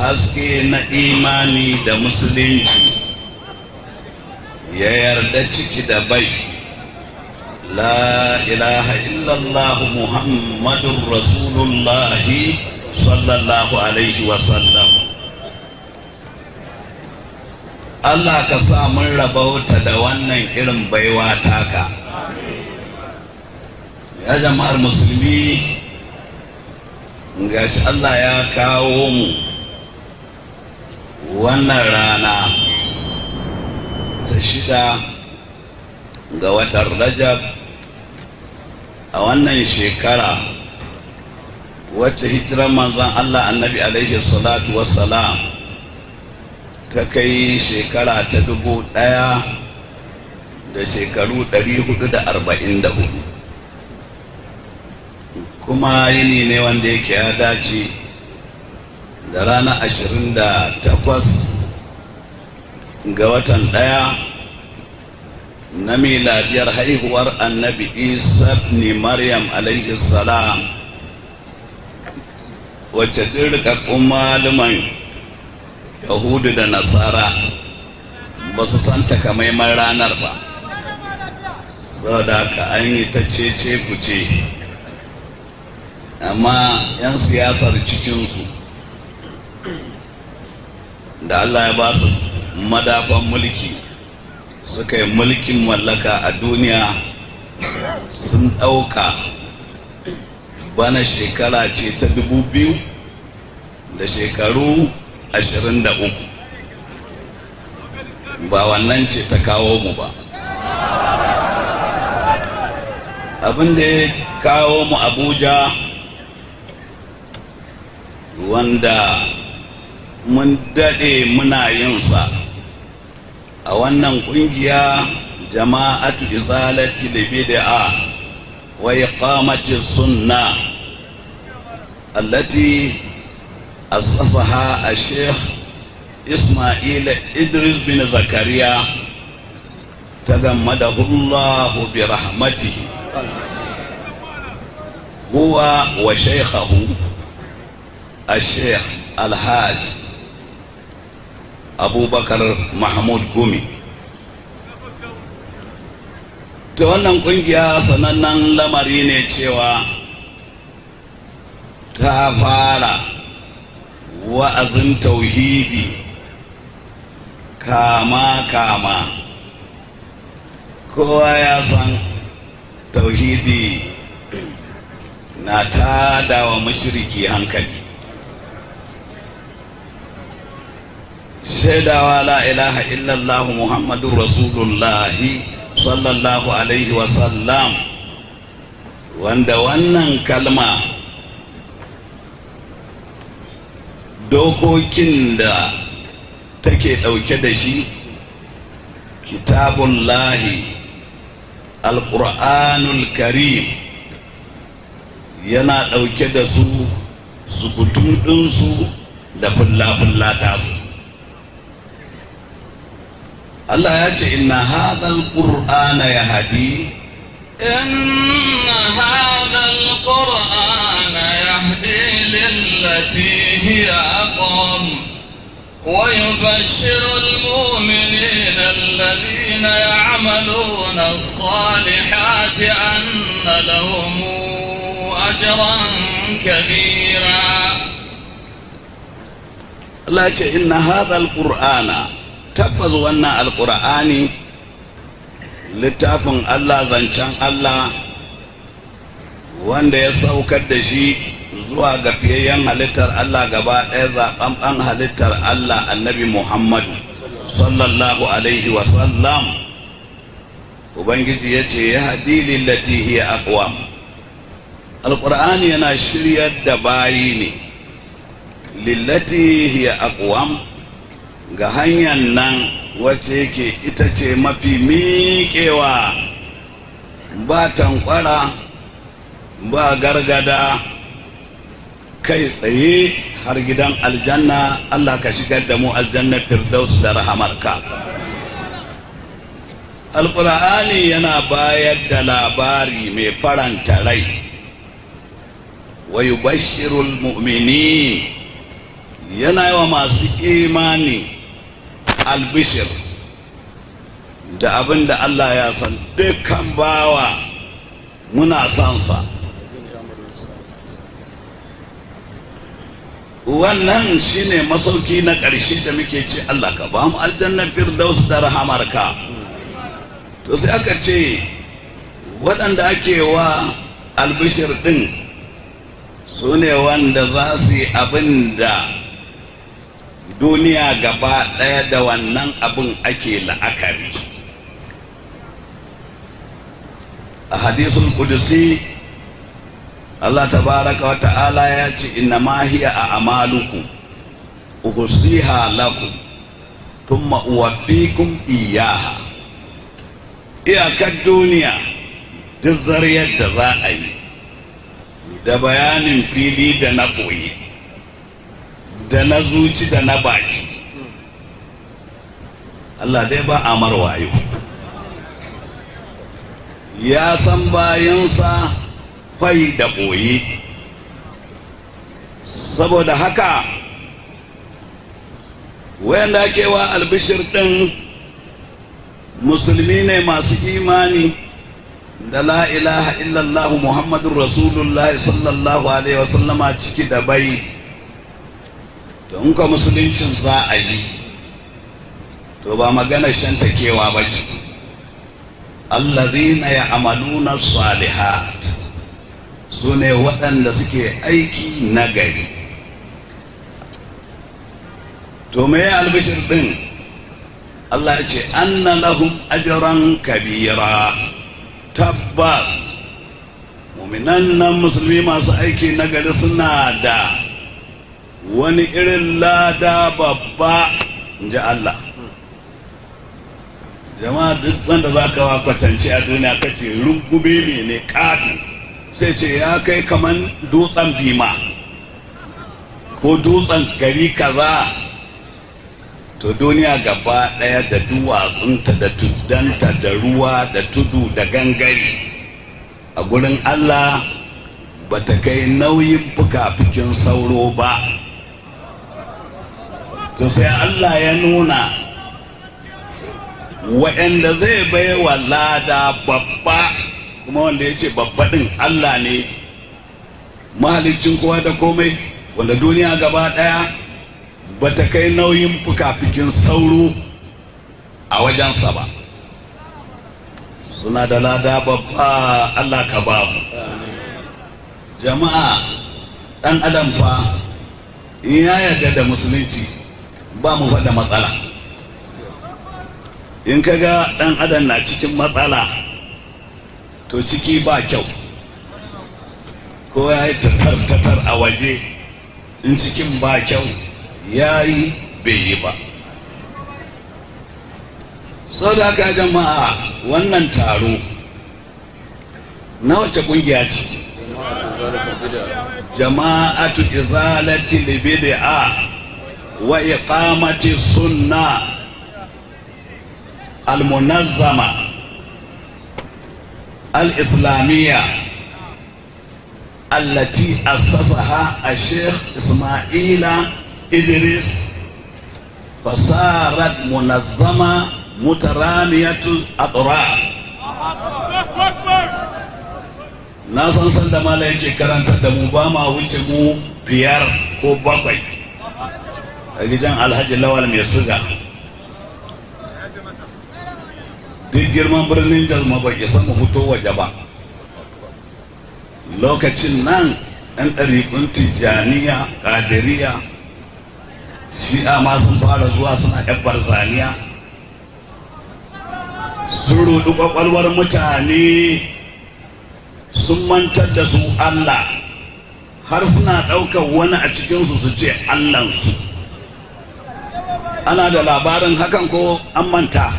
haske na imani da musulunci ya yarda ciki da bai la ilaha illallah muhammadun rasulullahi sallallahu alaihi wasallam Allah ka sa mun rabauta da wannan irin baiwa taka ya jama'ar musulmi gashi Allah ya kawo mu wannan rana ta shida ga watan rajab a wannan shekara wacce hijiran manzan allah annabi alaihi salatu wassalam ta kai shekara ta dubu daya da shekaru 444 kuma yini ne wanda yake ya dace da rana ashirin da takwas ga watan ɗaya na miladiyar haihuwar annabi isa ne maryam alaihi salam wacce kuma maluman yahudu da nasara ba su san takamaiman ranar ba da ka an yi ta cece kuce amma 'yan siyasar cikinsu da Allah ya ba su madafan mulki suka yi mulkin mallaka a duniya sun ɗauka bana shekara ce ta dubu biyu da shekaru ashirin da uku ba wannan ce ta kawo mu ba abin da ya kawo mu abuja wanda mun dade muna yin sa a wannan kungiya jama'atu izalati da bid'a wa iqamati sunna allati asasaha al-sheikh Isma'il Idris bin Zakariya tagammadahu Allah bi rahmatihi huwa wa shaykhahu al-sheikh abubakar mahmud gumi ta wannan kungiya sanannen lamari ne cewa ta fara wa'azin tauhidi kama-kama kowa ya san tauhidi na tada wa mashiriki hankali shaidawa la ilaha illallah muhammadun rasulullahi sallallahu alaihi wasallam wanda wannan kalma dokokin da take ɗauke da shi kitabun lahi alƙur'anul karim yana ɗauke da su su da fulla-fulla tasu الله يأتي إن هذا القرآن يهدي إن هذا القرآن يهدي للتي هي أقوم ويبشر المؤمنين الذين يعملون الصالحات أن لهم أجرا كبيرا الله يأتي إن هذا القرآن tabbas wannan alkur'ani littafin allah zancen allah wanda ya saukar da shi zuwa ga fiyayyen halittar allah gaba ɗaya zaɓanɓan halittar allah annabi muhammadu sallallahu alaihi wasallam ubangiji ya ce ya haɗi lillati hiya aqwam alƙur'ani yana shiryar da bayi ne lillati hiya aqwam ga hanyar nan wacce yake ita ce mafi miƙewa ba tankwara ba gargada kai tsaye har gidan aljanna Allah ka shigar da mu aljanna firdaus da rahamarka alƙur'ani yana bayar da labari mai faranta rai wayu bashirul mu'mini yana yawa masu imani albishir da abin da Allah ya san dukkan bawa muna sansa wannan shine masauki na ƙarshe da muke ce Allah ka ba mu aljanna firdaus da rahamar ka to sai aka ce waɗanda ake wa albishir ɗin su ne wanda za su yi abin da duniya gaba ɗaya da wannan abin ake la'akari a hadisul kudusi Allah tabaraka wa ta'ala ya ce inna ma hiya a amaluku uhsiha lakum thumma uwaffikum iyaha iyakar duniya duk zariyar da za a yi da bayanin fili da na koyi da na zuci da na baki Allah dai ba a wayo ya san bayansa fai da ɓoye saboda haka wayanda kewa albishir ɗin musulmi ne masu imani da la ilaha illallah muhammadun rasulullahi sallallahu alaihi wasallama ciki da bai to in ka musuluncin za a yi to ba magana shan takewa ba ce allazina ya amaluna salihat su ne waɗanda suke aiki nagari to me ya albishir din? Allah ya ce anna lahum ajran kabira tabbas muminan nan musulmi masu aiki nagari suna da wani irin lada babba in ji Allah jama'a duk wanda za ka kwatance a duniya ka ce rugube ne ne katin sai ce ya kai kamar dutsen bima ko dutsen gari kaza to duniya gaba ɗaya da duwatsunta da tuddanta da ruwa da tudu da gangari. a gurin Allah ba ta kai nauyin fuka fikin sauro ba to sai Allah ya nuna waɗanda zai baiwa lada babba kuma wanda ya ce babba ɗin Allah ne mahalicin kowa da komai wanda duniya gaba ɗaya ba ta kai nauyin fuka-fikin sauro a wajensa ba suna da lada babba Allah ka ba jama'a ɗan adam fa in ya yarda da musulunci ba mu faɗa matsala in ka ga ɗan adam na cikin matsala to ciki ba kyau ko ya yi tatar-tatar a waje in cikin ba kyau ya yi bai yi ba so da aka jama'a wannan taro na wace kungiya ce jama'atu izalati libidi a وإقامة السنة المنظمة الإسلامية التي أسسها الشيخ إسماعيل إدريس فصارت منظمة مترامية الأطراف na san san da mala yake karanta da mu a gidan alhaji lawal mai suga duk girman birnin jalma bai isa mu fito waje ba lokacin nan yan ɗariƙun tijjaniya ƙadiriya shi'a ma sun fara zuwa suna ɗabbar zaniya sun rudu ƙwaƙwalwar mutane sun mantar da su allah har suna ɗaukar wani a cikinsu su ce allansu ana da labarin hakan ko an manta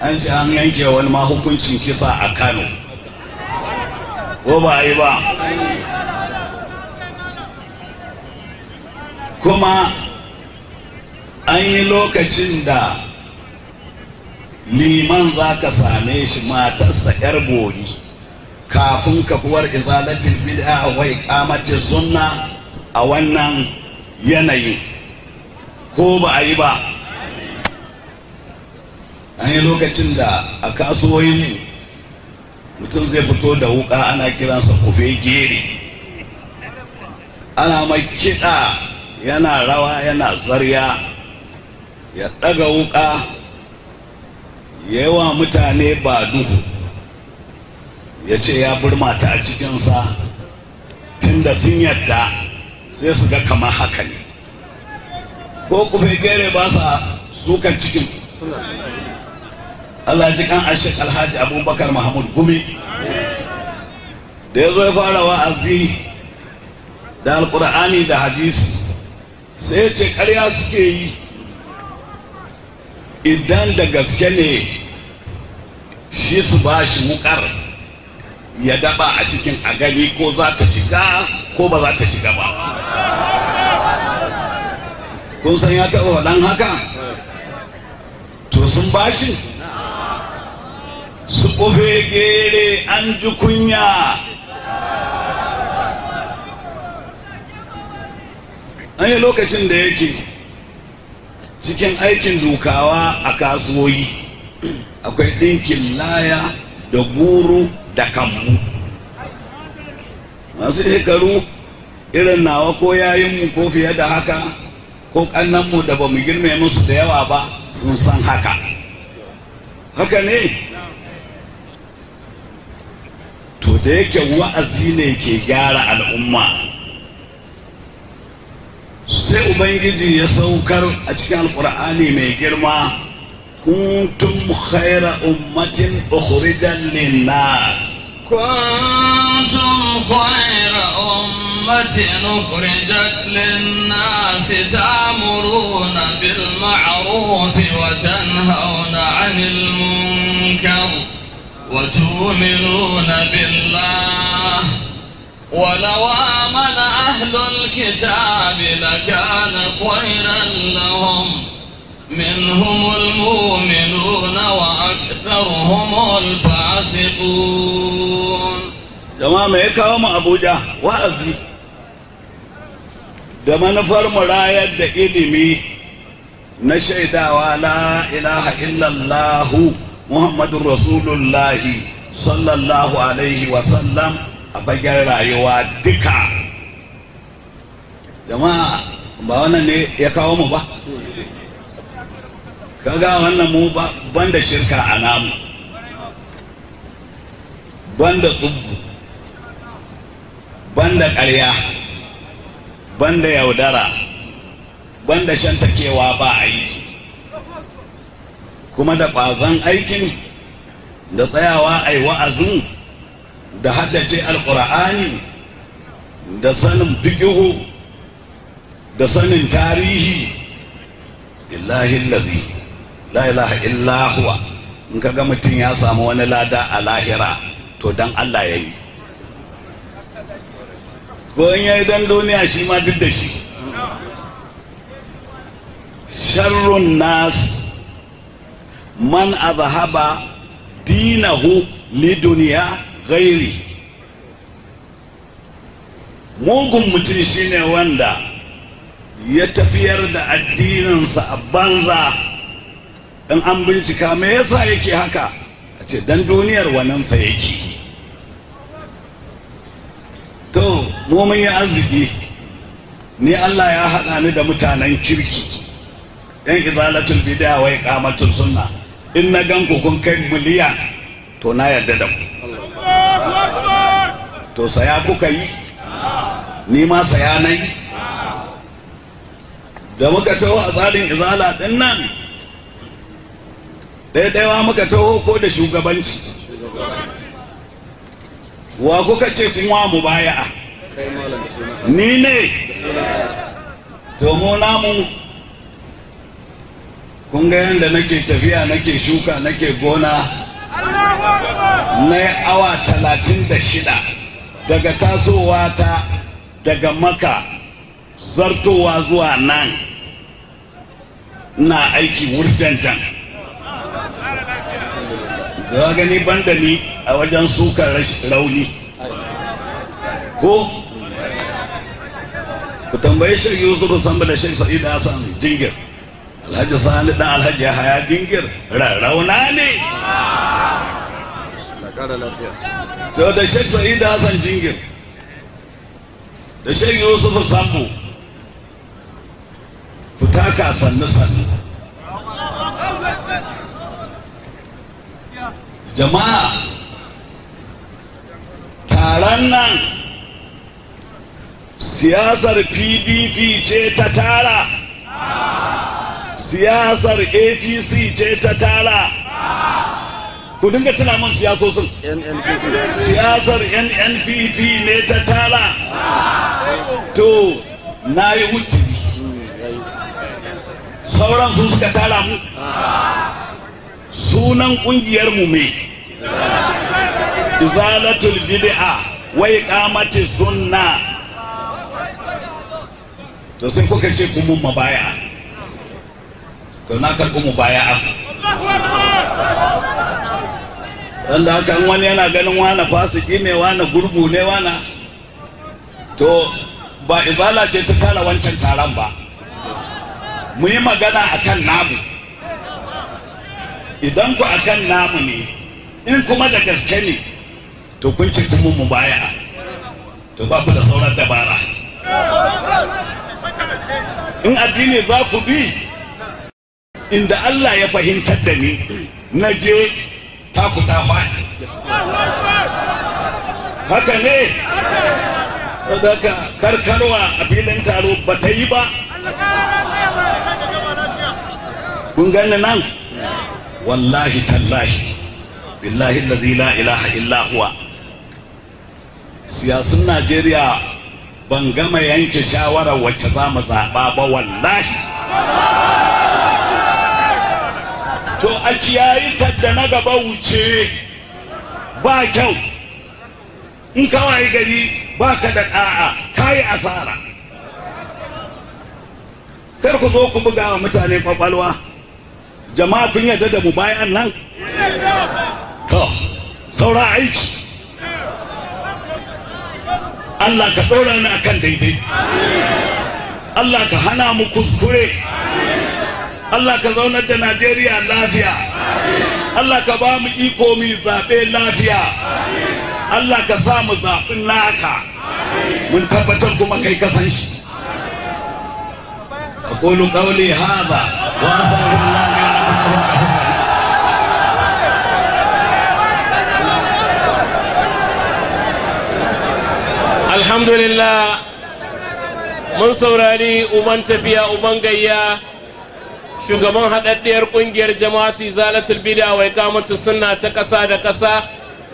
an ce an yanke wani ma hukuncin kisa a kano ko ba yi ba kuma an yi lokacin da liman za ka same shi matarsa 'yar bori kafin kafuwar izalatin bid'a wai kamace sunna a wannan yanayin ko ba a yi ba an yi lokacin da a kasuwoyin mutum zai fito da wuka ana kiransa kube gere ana mai kiɗa yana rawa yana zarya ya ɗaga wuka yawa mutane ba duhu ya ce ya burma ta a cikinsa tunda sun yadda sai su ga kamar haka ne ko kufai gere ba sa sukan cikin Allah ji kan ashek alhaji abubakar mahmud gumi da ya zo ya fara wa'azi da alkur'ani da hadisi sai ya ce karya suke yi idan da gaske ne shi su ba shi mukar ya daba a cikin agani ko za ta shiga ko ba za ta shiga ba kun san ya taɓa faɗan haka to sun bashi su ƙofe gere an ji kunya an yi lokacin da yake cikin aikin dukawa a kasuwoyi akwai ɗinkin laya da guru da kammu masu shekaru irin nawa ko yayinmu ko fiye da haka ko mu da ba mu girme musu da yawa ba sun san haka haka ne to da yake wa'azi ne ke gyara al'umma sai ubangiji ya saukar a cikin alkur'ani mai girma kuntum khaira ummatin ukhrijan lin-nas kuntum khaira أخرجت للناس تأمرون بالمعروف وتنهون عن المنكر وتؤمنون بالله ولو آمن أهل الكتاب لكان خيرا لهم منهم المؤمنون وأكثرهم الفاسقون تمام هيك kawo mu abuja da manufar murayar da ilimi na shaidawa la ilaha illallahu muhammadun rasulullahi sallallahu alaihi wasallam a bagen rayuwa duka jama'a ba wannan ne ya kawo mu ba kaga wannan mu banda shirka a namu banda tsubbu banda ƙarya banda yaudara banda shan takewa ba aiki kuma da ƙwazon aikin da tsayawa a yi wa'azin da haddace alƙur'ani da sanin fiƙihu da sanin tarihi illahi lazi la ilaha illahuwa in ka ga mutum ya samu wani lada a lahira to don allah ya yi ko in yayi dan duniya shi ma duk da shi sharrun nas man azhaba dinahu duniya gairi mugun mutum shine wanda ya tafiyar da addininsa a banza in an bincika me yasa yake haka a ce dan duniyar wanansa yake to mu mun yi arziki ni Allah ya haɗa ni da mutanen kirki yan izalatul bid'a wa iqamatul sunna in na gan ku kun kai miliyan to na yarda da ku to saya kuka yi ni ma saya na yi da muka taho a tsarin izala din nan ɗaiɗaiwa muka taho ko da shugabanci wa kuka ce kin wa mu baya ni ne domin mu namu kun ga yadda nake tafiya nake shuka nake gona na awa talatin da shida daga tasowa ta daga maka zartowa zuwa nan na aiki wurjantan za gani banda ni a wajen suka rauni ko ku tambaye shi yusuf samba da shi sa'id hassan jingir alhaji sani dan alhaji haya jingir rarrauna ne to da shi sa'id hassan jingir da shi yusuf sambo ku taka sannu sannu jama'a taron nan siyasar pdp ce ta tara siyasar apc ce ta tara ku dinga tuna mun siyasosin siyasar nnpp ne ta tara to na yi wujiri sauran su suka tara mu sunan kungiyar mu mai izalatul bid'a wa iqamati sunna to sai kuka ce ku mun mabaya to na karɓi mu baya abu dan da haka wani yana ganin wani fasiki ne wani gurbu ne wani to ba izala ce ta tara wancan taron ba mu yi magana akan namu idan ku akan namu ne in kuma da gaske ne to kun ci kuma mu baya to ba ku da sauran dabara in addini za ku bi inda Allah ya fahimtar da ni na je taku ta faɗi haka ne daga karkarwa a filin taro ba ta yi ba kun gani nan wallahi tallahi billahi allazi la ilaha illa huwa siyasun najeriya ban gama yanke shawarar wacce za mu zaɓa ba wallahi to a kiyayi tadda na gaba wuce ba kyau in kawai gari ba ka da ɗa'a kayi asara kar ku zo ku buga wa mutane kwakwalwa jama'a kun yarda da mu bayan nan saura aiki Allah ka ɗora ni akan daidai Allah ka hana mu kuskure Allah ka zaunar da Najeriya lafiya Allah ka ba mu iko mu zaɓe lafiya Allah ka sa mu zaɓin naka mun tabbatar kuma kai kasan shi أقول قولي هذا وأستغفر الله لي ولكم alhamdulillah mun saurari uban tafiya uban gayya shugaban haɗaɗɗiyar ƙungiyar jama'ati zalatul bida wai kamata sunna ta ƙasa da ƙasa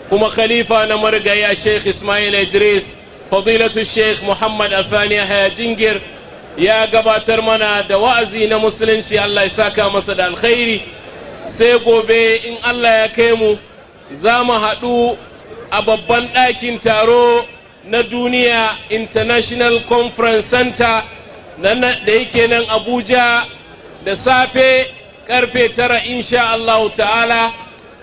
kuma khalifa na marigaya sheikh ismail idris fadilatu sheikh muhammad athani haya jingir ya gabatar mana da wa'azi na musulunci allah ya saka masa da alkhairi sai gobe in allah ya kai mu za mu haɗu a babban ɗakin taro na duniya international conference center da yake nan abuja da safe karfe tara insha Allah ta'ala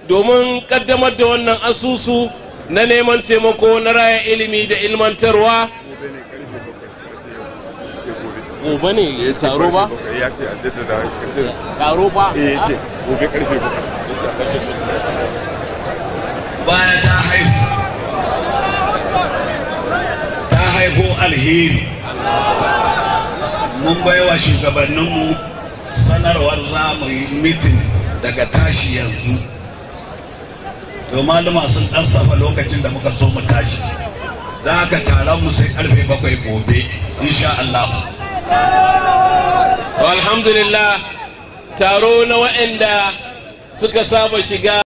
domin kaddamar da wannan asusu na neman taimako na raya ilimi da ilmantarwa gobe ne ya taro ba? ya ce a jaddada taro ba? Eh, ya ce gobe karfe ba baya ta haihu ko alheri mun baiwa shugabanninmu sanarwar ramu yi mitin daga tashi yanzu to malama sun ɗan lokacin da muka so mu tashi za ka taron mu sai karfe bakwai gobe insha Allah alhamdulillah taro na waɗanda suka saba shiga